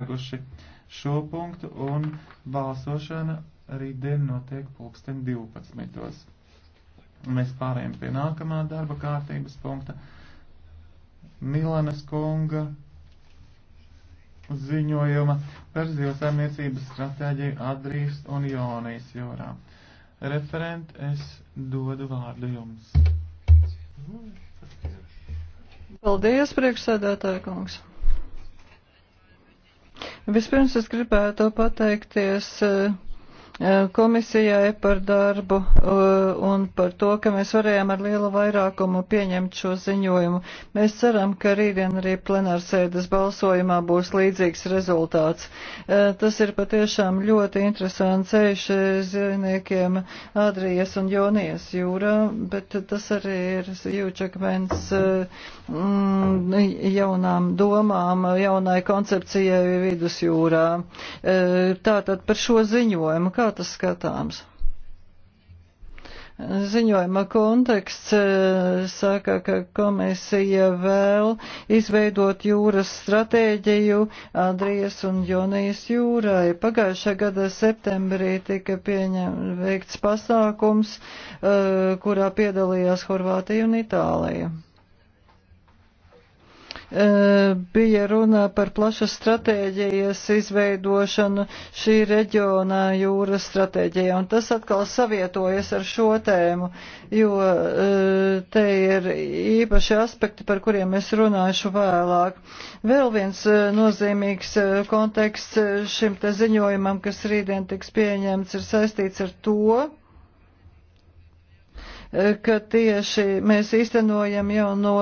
Guši šo punktu un balsošana rītdien notiek pulksten 12. Mēs pārējām pie nākamā darba kārtības punkta. Milanas kunga ziņojuma par zivsaimniecības stratēģiju Adrijas un Jonijas jūrā. Referent, es dodu vārdu jums. Paldies, priekšsēdētāja kungs. Vispirms es gribētu pateikties eh, komisijai par darbu un par to, ka mēs varējām ar lielu vairākumu pieņemt šo ziņojumu. Mēs ceram, ka rītdien arī plenārsēdes balsojumā būs līdzīgs rezultāts. Tas ir patiešām ļoti interesants ceļš zirniekiem Adrijas un Jonijas jūrā, bet tas arī ir jūčakmens mm, jaunām domām, jaunai koncepcijai vidusjūrā. Tātad par šo ziņojumu. Kā kā tas skatāms? Ziņojuma konteksts e, saka, ka komisija vēl izveidot jūras stratēģiju Adrijas un Jonijas jūrai. Pagājušā gada septembrī tika pieņemts pasākums, e, kurā piedalījās Horvātija un Itālija bija runa par plašas stratēģijas izveidošanu šī reģionā jūras stratēģijā, un tas atkal savietojas ar šo tēmu, jo te ir īpaši aspekti, par kuriem es runāšu vēlāk. Vēl viens nozīmīgs konteksts šim te ziņojumam, kas rītdien tiks pieņemts, ir saistīts ar to, ka tieši mēs īstenojam jau no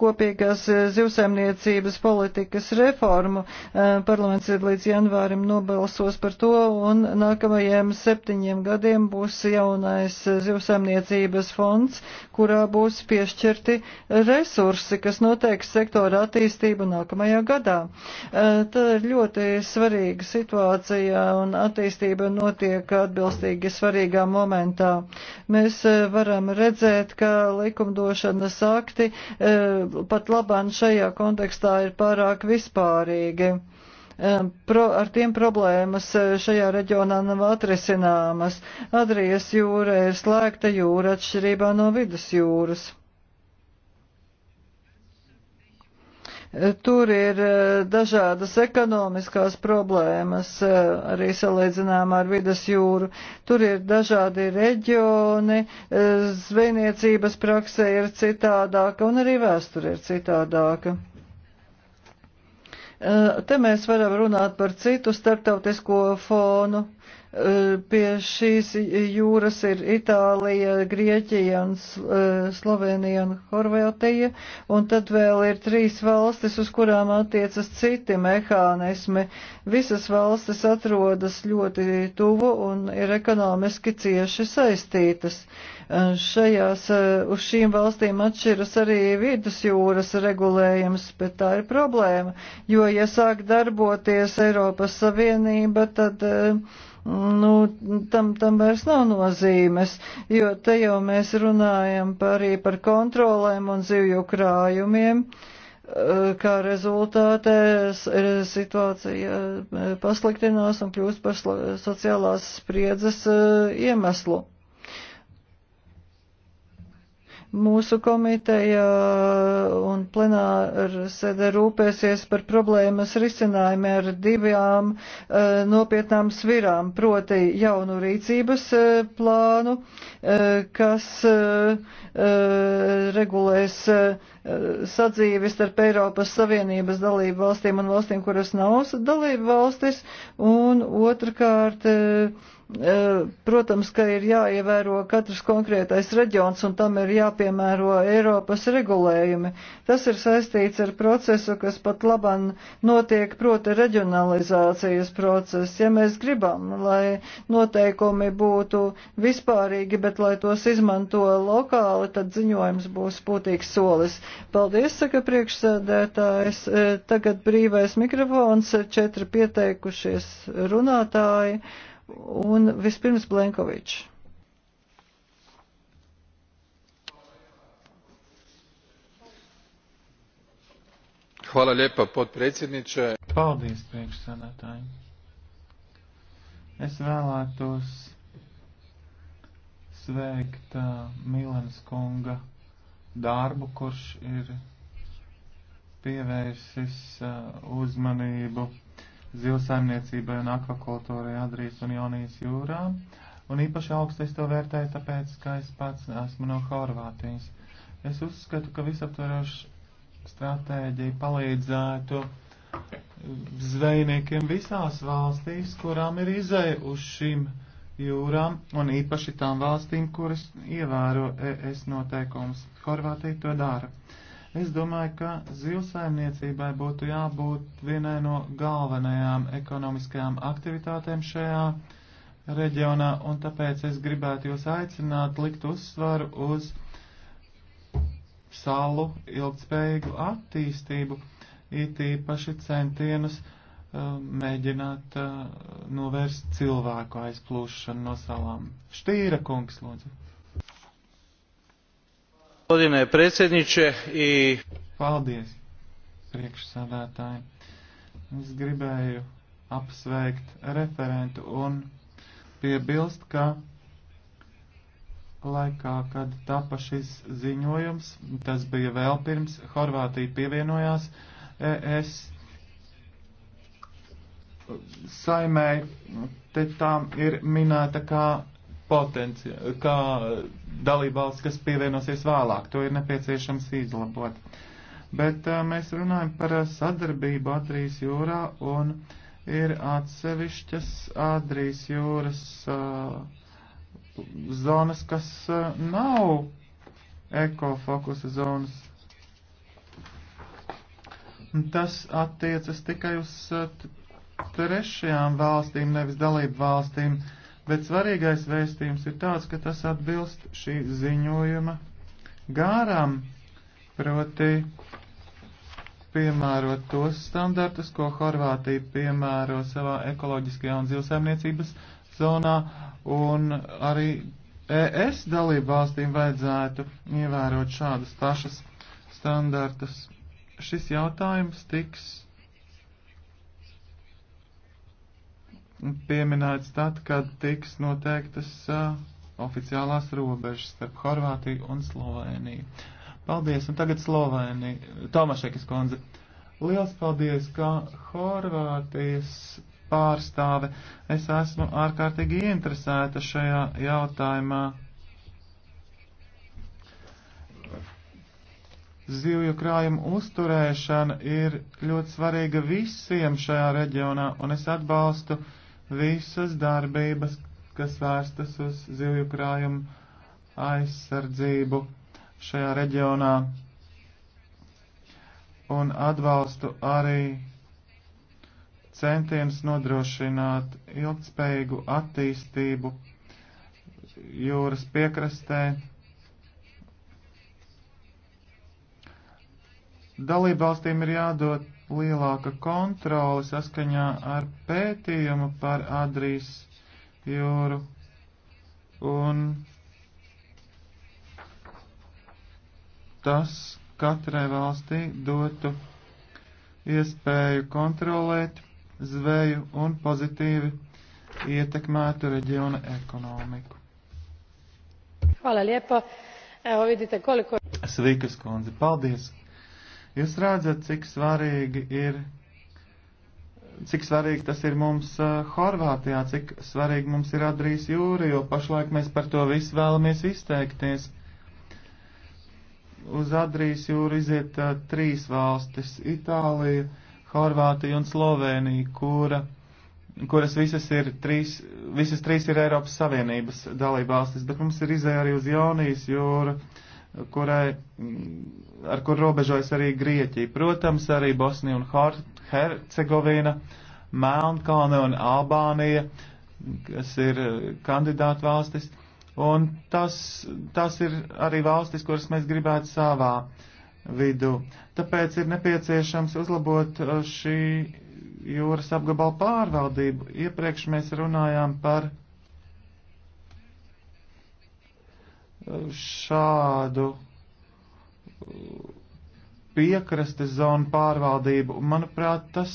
kopīgās eh, zivsaimniecības politikas reformu. Eh, parlaments ir līdz janvārim nobalsos par to, un nākamajiem septiņiem gadiem būs jaunais eh, zivsaimniecības fonds, kurā būs piešķirti resursi, kas noteiks sektora attīstību nākamajā gadā. Tā ir ļoti svarīga situācija, un attīstība notiek atbilstīgi svarīgā momentā mēs eh, varam redzēt, ka likumdošanas akti eh, pat labāk šajā kontekstā ir pārāk vispārīgi pro, ar tiem problēmas eh, šajā reģionā nav atrisināmas. Adrijas jūra ir slēgta jūra atšķirībā no vidus jūras. Eh, tur ir eh, dažādas ekonomiskās problēmas, eh, arī salīdzinām ar vidas jūru. Tur ir dažādi reģioni, zvejniecības prakse ir citādāka un arī vēsture ir citādāka. Te mēs varam runāt par citu starptautisko fonu. Pie šīs jūras ir Itālija, Grieķija un e, Slovenija un Horvētija, un tad vēl ir trīs valstis, uz kurām attiecas citi mehānismi. Visas valstis atrodas ļoti tuvu un ir ekonomiski cieši saistītas. Uh, Šajās eh, uz šīm valstīm atšķiras arī vidusjūras regulējums, bet tā ir problēma, jo, ja sāk darboties Eiropas Savienība, tad eh, nu, tam, tam vairs nav nozīmes, jo te jau mēs runājam par, arī par kontrolēm un zivju krājumiem, eh, kā rezultātē situācija pasliktinās un kļūst par sociālās spriedzes iemeslu. Mūsu komiteja uh, un plenāra sēdē rūpēsies par problēmas risinājumu ar divām uh, nopietnām svirām, proti jaunu rīcības uh, plānu, kas regulēs sadzīvi starp Eiropas Savienības dalību valstīm un valstīm, kuras nav dalību valstis, un otrkārt E, protams, ka ir jāievēro katrs konkrētais reģions un tam ir jāpiemēro Eiropas regulējumi. Tas ir saistīts ar procesu, kas pat laban notiek proti reģionalizācijas procesu. Ja mēs gribam, lai noteikumi būtu vispārīgi, bet lai tos izmanto lokāli, tad ziņojums būs būtīgs solis. Paldies, saka priekšsēdētājs. E, tagad brīvais mikrofons, četri pieteikušies runātāji. Un vispirms Blenkovičs. Hvala lijepa potpredsjedniče. Paldies priekšsēdētājiem. Es vēlētos sveikt uh, Milans kunga darbu, kurš ir pievērsis uh, uzmanību zivsaimniecībai un akvakultūrai Adrijas un Jonijas jūrā. Un īpaši augstu es to vērtēju, tāpēc, ka es pats esmu no Horvātijas. Es uzskatu, ka visaptveroša stratēģija palīdzētu zvejniekiem visās valstīs, kurām ir izēja uz šīm jūrām, un īpaši tām valstīm, kuras ievēro ES noteikumus. Horvātija to dara. Uh, Es domāju, ka zivsaimniecībai būtu jābūt vienai no galvenajām ekonomiskajām aktivitātēm šajā reģionā, un tāpēc es gribētu jūs aicināt likt uzsvaru uz salu ilgspējīgu attīstību, it īpaši centienus uh, mēģināt uh, novērst cilvēku aizplūšanu no salām. Štīra kungs, lūdzu. Paldies, predsēdniče. I... Paldies, priekšsādātāji. Es gribēju apsveikt referentu un piebilst, ka laikā, kad tapa šis ziņojums, tas bija vēl pirms Horvātija pievienojās ES saimē, te tām ir minēta kā potenciāli, kā dalībvalsts, kas pievienosies vēlāk. To ir nepieciešams izlabot. Bet uh, mēs runājam par sadarbību Adrijas jūrā un ir atsevišķas Adrijas jūras uh, zonas, kas uh, nav ekofokusa zonas. Tas attiecas tikai uz trešajām valstīm, nevis dalību valstīm. Uh, bet svarīgais vēstījums ir tāds, ka tas atbilst šī ziņojuma gārām, proti piemērot tos standartus, ko Horvātija piemēro savā ekoloģiskajā un zilsaimniecības zonā, un arī ES dalību valstīm vajadzētu ievērot šādus pašus standartus. Šis jautājums tiks pieminēts tad, kad tiks noteiktas uh, oficiālās robežas starp Horvātiju un Sloveniju. Paldies, un tagad Slovenija. Tomašekas kundze. Liels paldies, ka Horvātijas pārstāve. Es esmu ārkārtīgi interesēta šajā jautājumā. Zivju krājumu uzturēšana ir ļoti svarīga visiem šajā reģionā, un es atbalstu uh, visas darbības, kas vērstas uz zivju krājumu aizsardzību šajā reģionā un atbalstu arī centienus nodrošināt ilgspējīgu attīstību jūras piekrastē. Dalībvalstīm ir jādod lielāka kontrole saskaņā ar pētījumu par Adrijas jūru un tas katrai valstī dotu iespēju kontrolēt zveju un pozitīvi ietekmētu reģiona ekonomiku. Hvala lijepo. Evo vidite koliko... Svikas kundze, paldies! Jūs redzat, cik svarīgi ir. Cik svarīgi tas ir mums uh, Horvātijā, cik svarīgi mums ir Adrijas jūra, jo pašlaik mēs par to visu vēlamies izteikties. Uz Adrijas jūru iziet uh, trīs valstis - Itālija, Horvātija un Slovēnija, kura kuras visas ir trīs, visas trīs ir Eiropas Savienības dalībvalstis, bet mums ir izēja arī uz Jaunijas jūru, kurai ar kur robežojas arī Grieķija. Protams, arī Bosnija un Hercegovina, Melnkalne un Albānija, kas ir eh, kandidātu valstis. Un tas, tas ir arī valstis, kuras mēs gribētu savā vidū. Tāpēc ir nepieciešams uzlabot eh, šī jūras apgabala pārvaldību. Iepriekš mēs runājām par eh, šādu piekrastes zonu pārvaldību, manuprāt, tas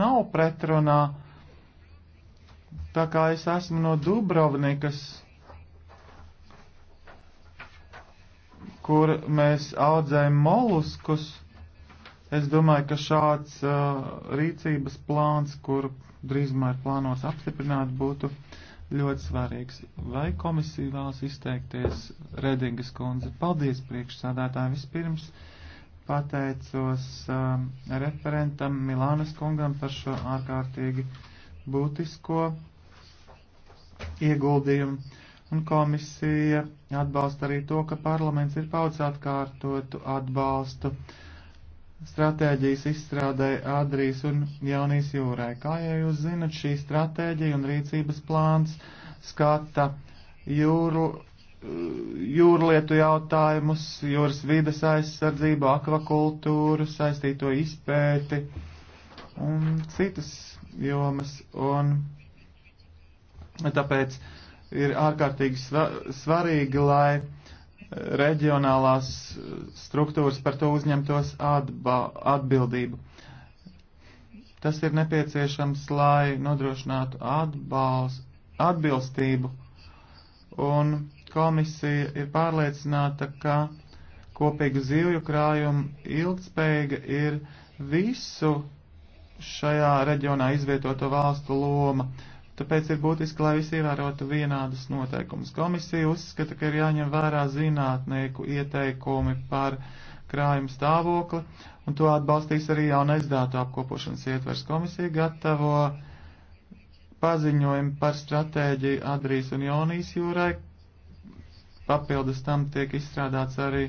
nav pretrunā. Tā kā es esmu no Dubrovnikas, kur mēs audzējam moluskus, es domāju, ka šāds uh, rīcības plāns, kur drīzumā ir plānos apstiprināt, būtu uh, ļoti svarīgs. Vai komisija vēlas izteikties Redingas kundze? Paldies priekšsādātāji vispirms. Pateicos um, referentam Milānas kungam par šo ārkārtīgi būtisko ieguldījumu. Un komisija atbalsta arī to, ka parlaments ir paudz atkārtotu atbalstu. Uh, stratēģijas izstrādē Adrijas un Jaunijas jūrai. Kā jau jūs zinat, šī stratēģija un rīcības plāns skata jūru, jūrlietu jautājumus, jūras vides aizsardzību, akvakultūru, saistīto izpēti un citas jomas. Un tāpēc ir ārkārtīgi sva svarīgi, lai reģionālās eh, struktūras par to uzņemtos atba, atbildību. Tas ir nepieciešams, lai nodrošinātu atbalst, atbilstību, un komisija ir pārliecināta, ka kopīgu zīvju krājumu ilgspējīga ir visu šajā reģionā izvietoto valstu loma, Tāpēc ir būtiski, lai visi ievērotu vienādus noteikumus. Komisija uzskata, ka ir jāņem vērā zinātnieku ieteikumi par krājuma stāvokli, un to atbalstīs arī jaunais dātu apkopošanas ietvers. Komisija gatavo paziņojumu par stratēģiju Adrijas un Jonijas jūrai. Papildus tam tiek izstrādāts arī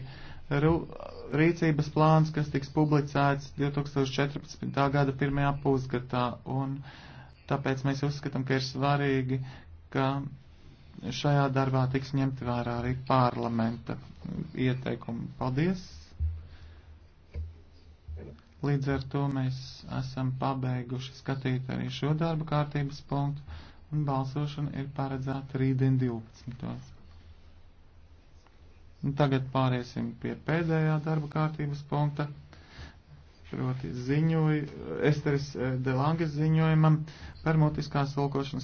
rīcības plāns, kas tiks publicēts 2014. gada pirmajā pusgadā. Un, uh, Tāpēc mēs uzskatām, ka ir svarīgi, ka šajā darbā tiks ņemt vērā arī parlamenta ieteikumi. Paldies! Līdz ar to mēs esam pabeiguši skatīt arī šo darba kārtības punktu, un balsošana ir paredzēta rītdien 12. Un tagad pāriesim pie pēdējā darba kārtības punkta proti ziņoju, Esteres eh, Delanges ziņojumam par mutiskās tulkošanas